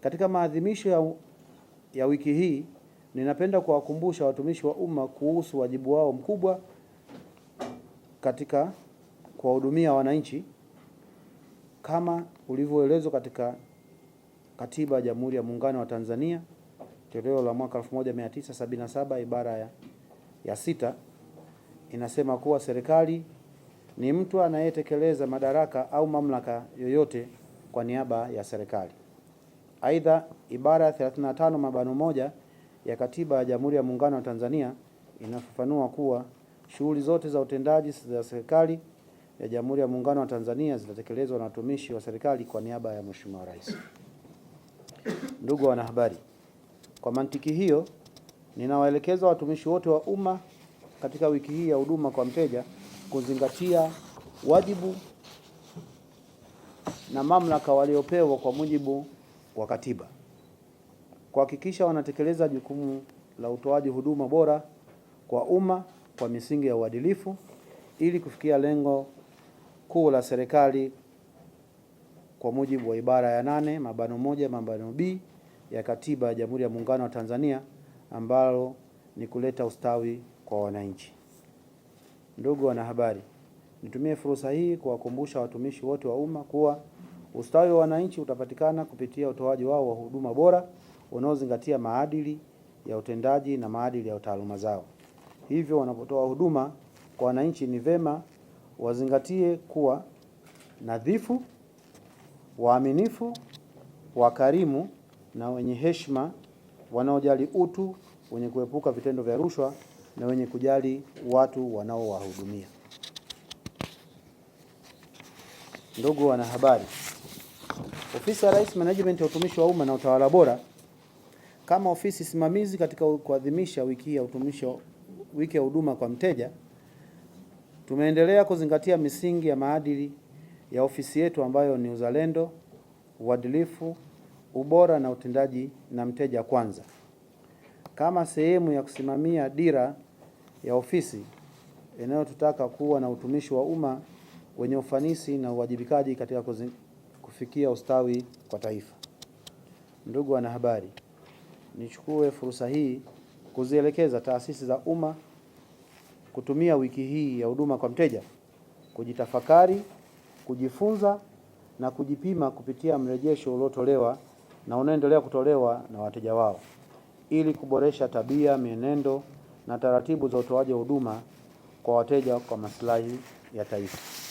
Katika maadhimisho ya, ya wiki hii ninapenda kuwakumbusha watumishi wa umma kuhusu wajibu wao mkubwa katika kuwahudumia wananchi kama ulivyoelezwa katika Katiba ya Jamhuri ya Muungano wa Tanzania toleo la mwaka 1977 ibara ya, ya sita inasema kuwa serikali ni mtu anayetekeleza madaraka au mamlaka yoyote kwa niaba ya serikali. Aidha, ibara ya 35 mabano moja ya Katiba ya Jamhuri ya Muungano wa Tanzania inafafanua kuwa shughuli zote za utendaji za serikali ya Jamhuri ya Muungano wa Tanzania zitatekelezwa na watumishi wa serikali kwa niaba ya Mheshimiwa Rais. Ndugu wanahabari, kwa mantiki hiyo ninawaelekeza watumishi wote wa umma katika wiki hii ya huduma kwa mteja kuzingatia wajibu na mamlaka waliopewa kwa mujibu wa katiba kuhakikisha wanatekeleza jukumu la utoaji huduma bora kwa umma kwa misingi ya uadilifu ili kufikia lengo kuu la serikali kwa mujibu wa ibara ya nane mabano moja mabano B ya Katiba ya Jamhuri ya Muungano wa Tanzania ambalo ni kuleta ustawi kwa wananchi. Ndugu wanahabari, nitumie fursa hii kuwakumbusha watumishi wote wa umma kuwa Ustawi wa wananchi utapatikana kupitia utoaji wao wa huduma bora unaozingatia maadili ya utendaji na maadili ya taaluma zao. Hivyo, wanapotoa huduma kwa wananchi, ni vema wazingatie kuwa nadhifu, waaminifu, wakarimu na wenye heshima, wanaojali utu, wenye kuepuka vitendo vya rushwa na wenye kujali watu wanaowahudumia. Ndugu wanahabari Ofisi ya Rais Management ya Utumishi wa Umma na Utawala Bora kama ofisi simamizi katika kuadhimisha wiki ya utumishi wiki ya huduma kwa mteja, tumeendelea kuzingatia misingi ya maadili ya ofisi yetu ambayo ni uzalendo, uadilifu, ubora na utendaji na mteja kwanza. Kama sehemu ya kusimamia dira ya ofisi inayotutaka kuwa na utumishi wa umma wenye ufanisi na uwajibikaji katika kufikia ustawi kwa taifa. Ndugu wanahabari, nichukue fursa hii kuzielekeza taasisi za umma kutumia wiki hii ya huduma kwa mteja kujitafakari, kujifunza na kujipima kupitia mrejesho uliotolewa na unaendelea kutolewa na wateja wao ili kuboresha tabia, mienendo na taratibu za utoaji huduma kwa wateja kwa maslahi ya taifa.